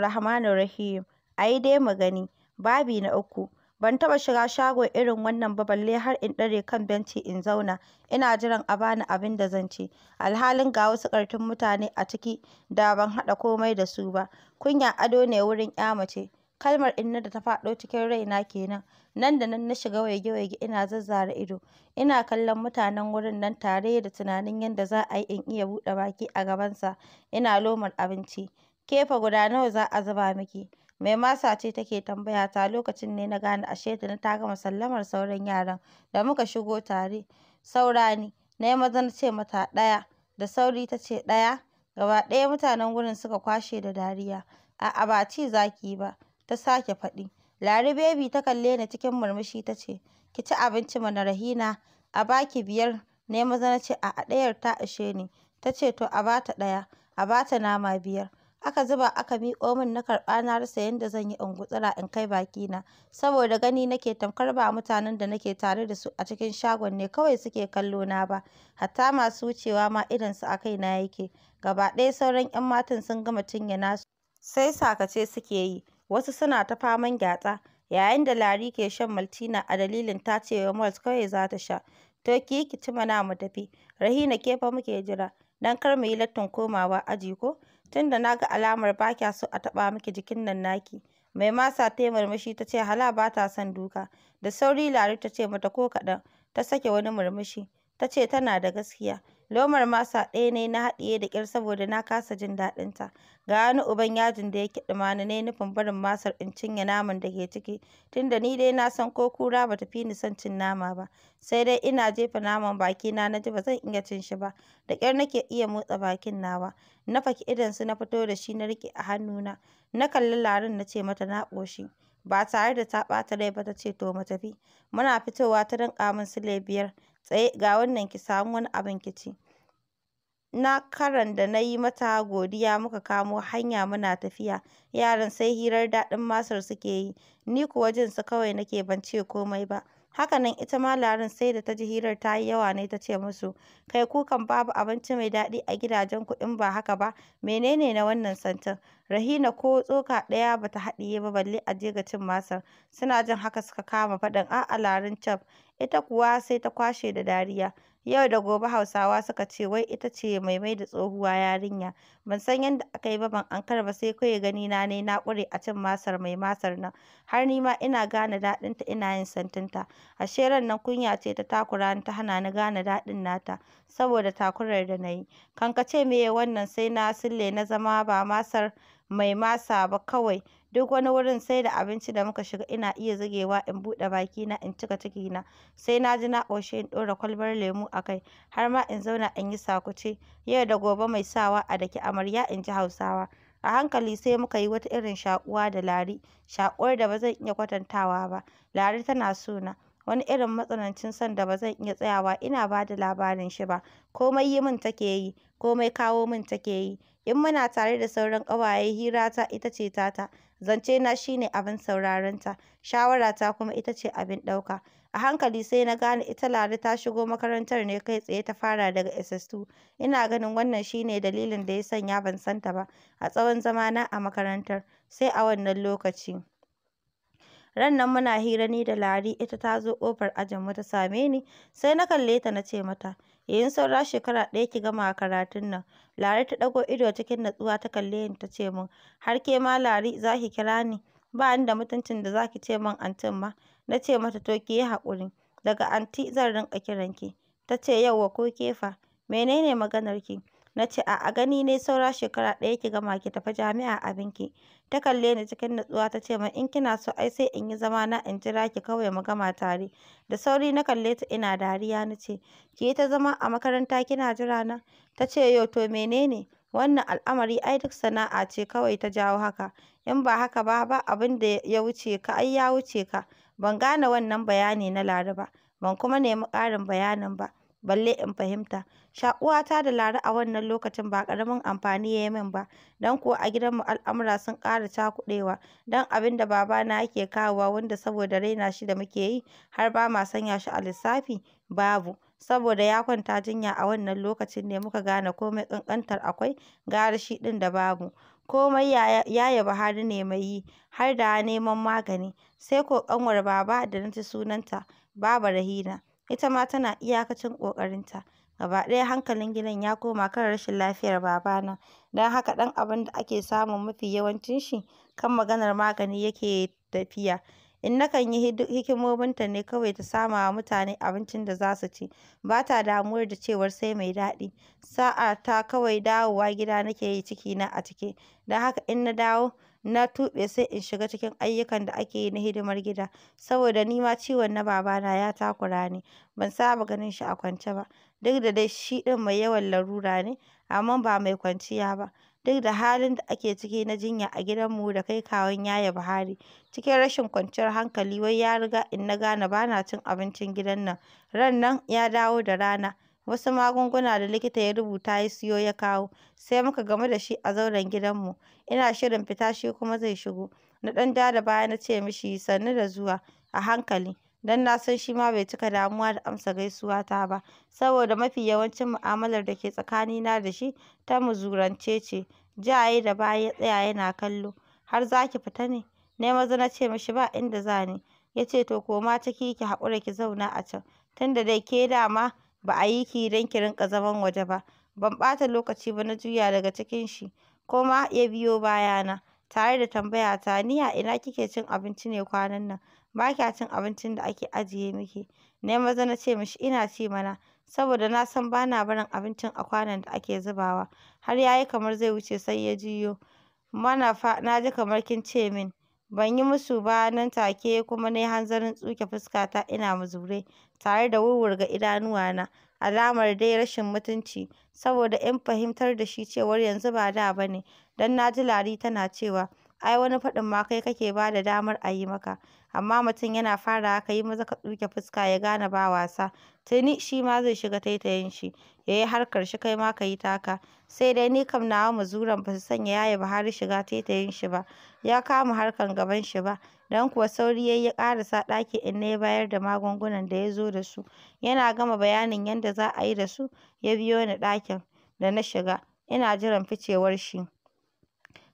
rahim Ai dai mu gani. Babi na uku. Ban taba shiga shago irin wannan ba balle har in ɗare kan benci in zauna ina jiran a bani abin da zan ci, alhalin ga wasu ƙartun mutane a ciki da ban haɗa komai da su ba. Kunya ado ne wurin 'ya mace. Kalmar inna da ta faɗo cikin raina kenan. Nan da nan na shiga waige-waige ina zazzara ido. Ina kallon mutanen wurin nan tare da tunanin yadda za a yi in iya buɗe baki a gabansa ina lomar abinci. kefa guda nawa za a zuba miki mai masa ce take tambaya ta lokacin ne na gane ashe tuni ta gama sallamar sauran yaran da muka shigo tare saura ni na yi maza na ce mata ɗaya da sauri ta ce ɗaya gaba ɗaya mutanen wurin suka kwashe da dariya a'a ba ci zaki ba ta sake faɗi lari bebi ta kalle ni cikin murmushi ta ce ki ci abinci mana rahina a baki biyar na yi maza na ce a ɗayar ta ishe ni ta ce to a bata ɗaya a bata nama biyar aka zuba aka miƙo min na karɓa na rasa yadda zan yi in gutsira in kai bakina saboda gani nake tamkar ba mutanen da nake tare da su a cikin shagon ne kawai suke kallo na ba hatta masu wucewa ma su a kaina yake gaba ɗaya sauran 'yan matan sun gama cinye nasu sai sakace suke yi wasu suna ta faman gyatsa yayin da Lari ke shan Maltina a dalilin ta ce wa Malt kawai za ta sha. To ki yi ki ci mana mu tafi, Rahina ke fa muke jira, don kar mu yi lattin komawa aji ko? tunda na ga alamar ba kya so a taɓa miki jikin nan naki. Mai masa ta yi murmushi ta ce hala ba ta son duka. Da sauri lari ta ce mata ko kaɗan. Ta sake wani murmushi. Ta ce tana da gaskiya. Lomar masa ɗaya ne na haɗiye da ƙyar saboda na kasa jin daɗinta. Ga wani uban yajin da ya kiɗima ni na nufin barin masar in cinye naman da ke ciki tunda ni dai na san ko kura ba ta fi ni son cin nama ba. Sai dai ina jefa naman bakina na ji ba zan iya cin shi ba. Da ƙyar nake iya motsa bakin nawa. Na faki su na fito da shi na riƙe a hannuna. Na kalli Larun na ce mata na ƙoshi. Ba tare da ta ɓata rai ba ta ce to mu tafi. Muna fitowa ta danƙa min sule biyar. Tsaye ga wannan ki samu wani abin ki ci. Na karon da na yi mata godiya muka kamo hanya muna tafiya, yaran sai hirar daɗin masar suke yi, ni kuwa jinsu kawai nake ban ce komai ba. Haka nan ita ma larin sai da ta ji hirar ta yi yawa ne ta ce musu, kai kukan babu abinci mai daɗi a gidajenku in ba haka ba, menene na wannan santin? Rahina ko tsoka ɗaya ba ta haɗiye ba balle a je ga cin masar, suna jin haka suka kama faɗin a'a larin caf ita kuwa sai ta kwashe da dariya. Yau da gobe Hausawa suka ce wai ita ce mai mai da tsohuwa yarinya. Ban san yadda aka yi ba ban ankar ba sai kawai gani na ne na ƙure a cin masar mai masar nan. Har ni ma ina gane daɗin ta ina yin santinta. Ashe ran nan kunya ce ta takura ni ta hana ni gane daɗin nata saboda takurar da na yi. kan ka ce me ye wannan sai na sille na zama ba masar mai masa ba kawai duk wani wurin sai da abinci da muka shiga ina iya zagewa in buɗe na in cika ciki na sai na ji na ƙoshi in ɗora kwalbar lemu a kai har ma in zauna in yi sakuce yau da gobe mai sawa a daki amarya in ji hausawa a hankali sai muka yi wata irin shaƙuwa da Lari shaƙuwar da ba zan iya kwatantawa ba Lari tana so wani irin matsanancin son da ba zan iya tsayawa ina ba da labarin shi ba komai yi min take yi komai kawo min take yi. In muna tare da sauran ƙawaye hirata ita ce tata, zancena shi ne abin sauraron ta. Shawara ta kuma ita ce abin ɗauka. A hankali sai na gane ita Ladi ta shigo makarantar ne kai tsaye ta fara daga SS2. Ina ganin wannan shi ne dalilin da ya sanya ban san ta ba a tsawon zamana a makarantar, sai a wannan lokaci. Ran nan muna hira ni da Ladi ita ta zo ƙofar ajinmu ta same ni, sai na kalle ta na ce mata yayin saura shekara ɗaya ki gama karatun nan. Lari ta ɗago ido cikin natsuwa ta kalle ni ta ce min, har ke ma Lari za ki kira ni? Ba ni da mutuncin da za ki ce min antin ma. Na ce mata to ki yi haƙuri, daga anti zan rinƙa kiran ki. Ta ce yauwa ko ke fa, menene maganar ki? Na ce a'a gani ne saura shekara ɗaya ki gama ki tafi jami'a abinki. Ta kalle ni cikin natsuwa ta ce min in kina so ai sai in yi zama na in jira ki kawai mu gama tare. Da sauri na kalle ta ina dariya na ce ki yi ta zama a makaranta kina jira na? Ta ce yo to menene? Wannan al'amari ai duk sana'a ce kawai ta jawo haka. In ba haka ba ba abin da ya wuce ka ai ya wuce ka. Ban gane wannan bayani na Ladi ba, ban kuma nemi ƙarin bayanin ba. balle in fahimta shaƙuwata da Lare a wannan lokacin ba ƙaramin amfani ya yi min ba don kuwa a gidanmu al'amura sun ƙara cakuɗewa don abin da babana yake kawowa wanda saboda raina shi da muke yi har ba ma sanya shi a lissafi babu saboda ya kwanta jinya a wannan lokacin ne muka gane komai ƙanƙantar akwai gara shi ɗin da babu komai ya yaye Buhari ne mai yi har da neman magani sai ko ƙanwar baba da na ji sunanta Baba Rahina ita ma tana iyakacin ƙoƙarinta. Gaba ɗaya hankalin gidan ya koma kan rashin lafiyar babana, don haka ɗan abin da ake samun mafi yawancin shi kan maganar magani yake tafiya. in nakan yi hikimominta ne kawai ta sama wa mutane abincin da za su ci, ba ta damuwar da cewar sai mai daɗi. Sa'a ta kawai dawowa gida nake yi cikina a cike, don haka in na dawo na tuɓe sai in shiga cikin ayyukan da ake yi na hidimar gida, saboda ni ma ciwon na babana ya takura ni, ban saba ganin shi a kwance ba, duk da dai shi ɗin mai yawan larura ne, amma ba mai kwanciya ba. Duk da halin da ake ciki na jinya a gidanmu da kai kawun Yaya Buhari, cikin rashin kwanciyar hankali wai ya riga in na gane ba na cin abincin gidan nan, ran nan ya dawo da rana. wasu magunguna da likita ya rubuta ya siyo ya kawo, sai muka gamu da shi a zauren gidanmu, ina shirin fita shi kuma zai shigo, na ɗan ja da baya na ce mishi sannu da zuwa, a hankali, Dan na san shi ma bai cika damuwa da amsa gaisuwata ba, saboda mafi yawancin mu'amalar da ke tsakanina da shi ta muzurance ce, ja ya da baya ya tsaya yana kallo, har za ki fita ne? Na maza na ce mishi ba inda za ni, ya ce to koma ciki ki haƙura ki zauna a can, tunda dai ke dama ba a yi ki don ki rinƙa zaman waje ba. Ban ɓata lokaci ba na juya daga cikin shi, ko ma ya biyo bayana, tare da tambayata ni a ina kike cin abinci ne kwanan nan, ba kya cin abincin da ake ajiye miki. Na yi maza na ce mishi ina ci mana, saboda na san ba na barin abincin a kwanon da ake zubawa. Har ya yi kamar zai wuce sai ya juyo, Manafa na ji kamar kin ce min. Ban yi musu ba nan take kuma na yi hanzarin tsuke fuskata ina muzure tare da wuwwurga idanuwana, alamar dai rashin mutunci, saboda in fahimtar da shi cewar yanzu ba da bane dan don na ji Ladi tana cewa ai wani faɗin ma kai kake ba da damar a yi maka amma mutum yana fara haka yi maza ka tsuke fuska ya gane ba wasa tuni shi ma zai shiga taitayin shi ya yi harkar shi kai ma ka yi taka sai dai ni kam nawa mazuran ba su sanya yaya Buhari shiga taitayin shi ba ya kama harkan gaban shi ba dan kuwa sauri yayi ya ƙarasa, ɗaki in ne bayar da magungunan da ya zo da su yana gama bayanin yadda za a yi da su ya biyo ni ɗakin da na shiga ina jiran ficewar shi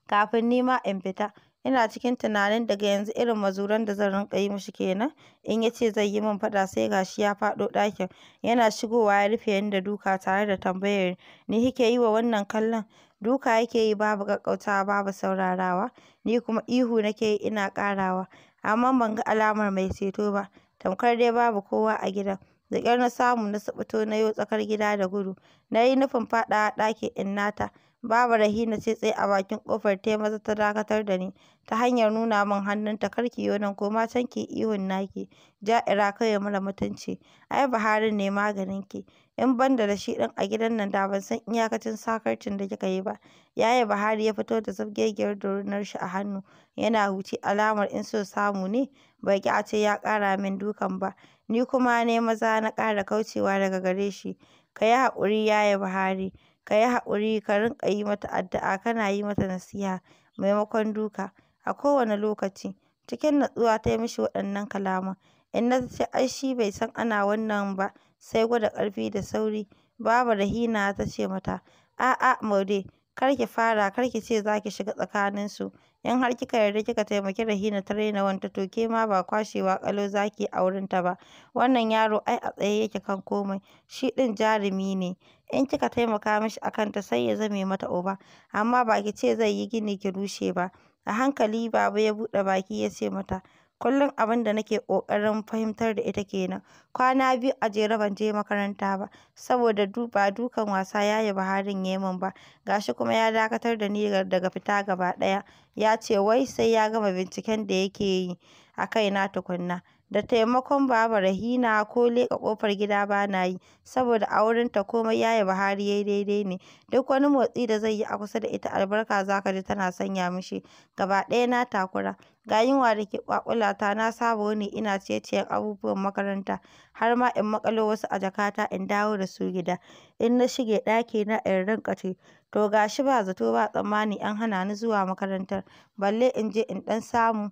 kafin ni ma in fita. Ina cikin tunanin daga yanzu irin mazuran da zan rinƙa yi mishi kenan in ya ce zai yi min faɗa sai ga shi ya faɗo ɗakin. Yana shigowa ya rufe ni da duka tare da tambayar ni kike yi wa wannan kallon? Duka yake yi babu ƙaƙƙautawa babu saurarawa, ni kuma ihu nake yi ina ƙarawa, amma ban ga alamar mai ceto ba, tamkar dai babu kowa a gidan. Da ƙyar na samu na suɓuto na yo tsakar gida da gudu, na yi nufin faɗawa ɗakin nata Baba Rahina ce tsaye a bakin ƙofar ta yi maza ta dakatar da ni ta hanyar nuna min hannunta, "Kar ki yo nan, koma can ki ihun naki, ja'ira kawai mara mutunci, ai Buharin ne maganin ki. in ban da shi ɗin a gidan nan da ban san iyakacin sakarcin da kika yi ba." Yaya Buhari ya fito da zabgegiyar shi a hannu, yana huci alamar in so samu ne bai ƙi a ce ya ƙara min dukan ba, ni kuma ne maza na ƙara kaucewa daga gare shi. "Ka yi haƙuri Yaya Buhari. ka yi haƙuri ka riƙa yi mata addu'a kana yi mata nasiha maimakon duka, a kowane lokaci. Cikin natsuwa ta yi mishi waɗannan kalaman. Inna ta ce ai shi bai san ana wannan ba sai gwada ƙarfi da sauri. Babu Rahina ta ce mata, a'a Maude kar ki fara kar ki ce za ki shiga tsakaninsu. in har kika yarda kika taimaki Rahina ta raina wanta to ke ma ba kwashewa ƙalau zaki ki yi a wurinta ba wannan yaro ai a tsaye yake kan komai shi ɗin jarumi ne in kika taimaka mishi a kanta sai ya zame mata uba amma ba ki ce zai yi gini ki rushe ba a hankali baba ya buɗe baki ya ce mata Kullum abin da nake ƙoƙarin fahimtar da ita kenan Kwana biyu a jere ban je makaranta ba, saboda ba dukan wasa ya yi baharin ya yi min ba, gashi kuma ya dakatar da ni daga fita gaba ɗaya, ya ce wai sai ya gama binciken da yake yi a kaina tukunna. Da taimakon Baba Rahina ko leƙa ƙofar gida ba na yi, saboda aurenta wurinta komai yi Buhari ya yi daidai ne, duk wani motsi da zai yi a kusa da ita albarka za ka ji tana sanya mishi, gaba ɗaya na takura, ga yunwa da ke ƙwaƙulata na saba wuni ina ciye-ciyen abubuwan makaranta, har ma in maƙalo wasu a jakata in dawo da su gida, in na shige ɗakina in rinƙa ce. to ga shi ba zato ba tsammani an hana ni zuwa makarantar, balle in je in ɗan samu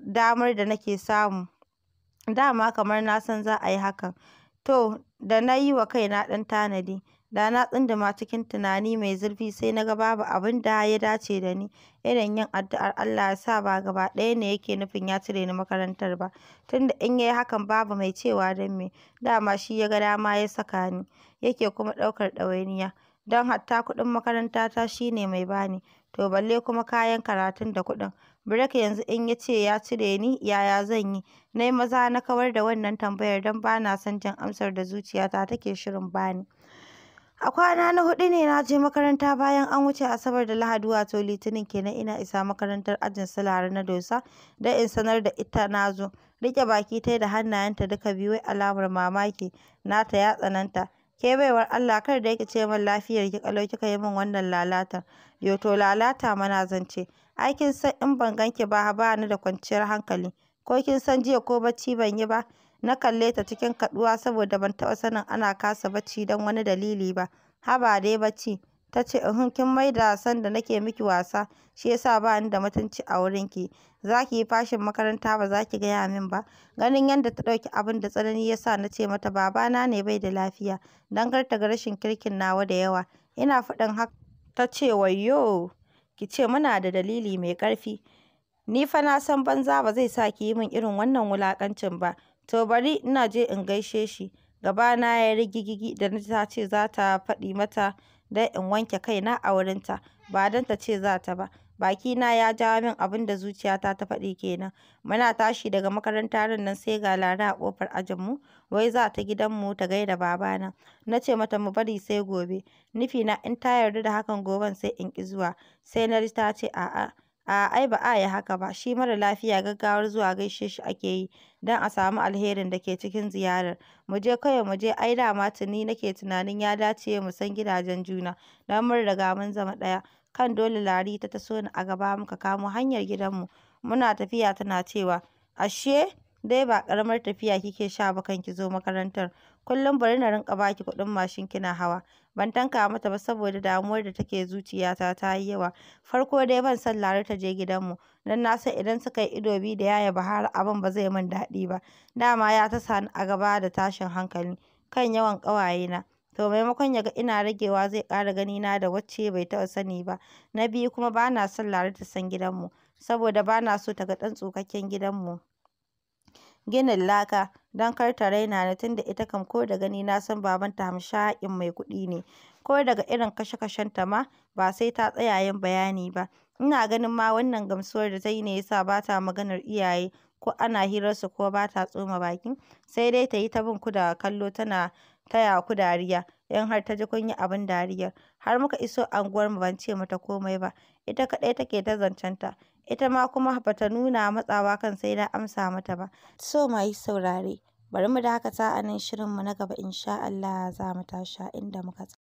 damar da nake samu. Dama kamar na san za a yi hakan, to da na yi wa kaina dan tanadi, da na tsunduma cikin tunani mai zurfi sai na ga babu abin da ya dace da ni irin yin addu'ar Allah ya sa ba gaba ɗaya ne yake nufin ya cire ni makarantar ba, tunda in ya yi hakan babu mai cewa don me, dama shi ya ga dama ya saka ni, yake kuma ɗaukar ɗawainiya, don hatta kuɗin makarantata shi ne mai bani, to balle kuma kayan karatun da kuɗin. Break yanzu in ya ce ya cire ni, yaya zan yi? Na maza na kawar da wannan tambayar don ba na son jin amsar da zuciyata take shirin bani. A kwana na hudu ne na je makaranta bayan an wuce Asabar da Lahadi wato Litinin kenan ina isa makarantar ajin su na Dosa don in sanar da ita na zo. rike baki ta da hannayenta duka biyu wai alamar mamaki nata ya tsananta. Ke baiwar Allah kar da ki ce min lafiyar ki kalau, kika yi min wannan lalata. Yo to lalata mana zan ce. Ai kin san in ban ganki ba ba ni da kwanciyar hankali. Ko kin san jiya ko bacci ban yi ba. Na kalle ta cikin kaɗuwa saboda ban taɓa sanin ana kasa bacci don wani dalili ba. Haba dai bacci. ta ce in kin maida da nake miki wasa shi yasa ba ni da mutunci a wurinki za ki yi fashin makaranta ba za ki gaya min ba ganin yadda ta ɗauki abin da tsanani ya sa na ce mata babana ne bai da lafiya don garta ga rashin kirkin nawa da yawa ina faɗin haka ta ce wayyo ki ce muna da dalili mai ƙarfi ni fa na san banza ba zai sa ki yi min irin wannan wulaƙancin ba to bari ina je in gaishe shi gabana ya rigigigi da na ta ce za ta faɗi mata don in wanke kaina a wurinta, ba don ta ce za ta ba. Bakina ya jawo min abin da zuciyata ta faɗi kenan. Muna tashi daga makaranta ran nan sai ga Lara a ƙofar mu wai za ta mu ta gaida babana. Na ce mata mu bari sai gobe, nufi na in ta yarda da hakan goben sai in ki zuwa, sai na ji ta ce a'a. A'a ai ba a yi haka ba, shi mara lafiya gaggawar zuwa gaishe shi ake yi don a samu alherin da ke cikin ziyarar. Mu je kawai mu je ai dama tuni nake tunanin ya dace mu san gidajen juna, don mun riga mun zama ɗaya. Kan dole lari ta taso ni a gaba muka kamo hanyar gidanmu, muna tafiya tana cewa, ashe. dai ba ƙaramar tafiya kike sha ba kanki zo makarantar kullum bari na rinƙa baki kuɗin mashin kina hawa ban tanka mata ba saboda damuwar da take zuciyata ta yi yawa farko dai ban san Lare ta je gidanmu don na san idan suka yi ido biyu da yaya bahari abin ba zai min daɗi ba dama ya ta sani a gaba da tashin hankali kan yawan ƙawayena to maimakon ya ga ina ragewa zai ƙara na da wacce bai taɓa sani ba na biyu kuma ba na son Lare ta san gidanmu saboda ba na so ta ga ɗan tsukakken gidanmu ginin laka don kar ta raina ni tunda ita kam ko da gani na san babanta hamshaƙin mai kuɗi ne, ko daga irin kashe kashen ta ma ba sai ta tsaya yin bayani ba, ina ganin ma wannan gamsuwar da ta yi ne yasa sa ba ta maganar iyaye ko ana hirar su ko ba ta tsoma baki, sai dai ta yi ta bin ku da kallo tana taya ku dariya. in har ta ji kun yi abin dariyar. Har muka iso anguwarmu ban ce mata komai ba, ita kaɗai take ta zancenta. Ita ma kuma ba ta nuna matsawa kan sai na amsa mata ba. So ma yi saurare, bari mu dakata a nan shirin mu na gaba insha Allah za mu tashi inda muka tsaya.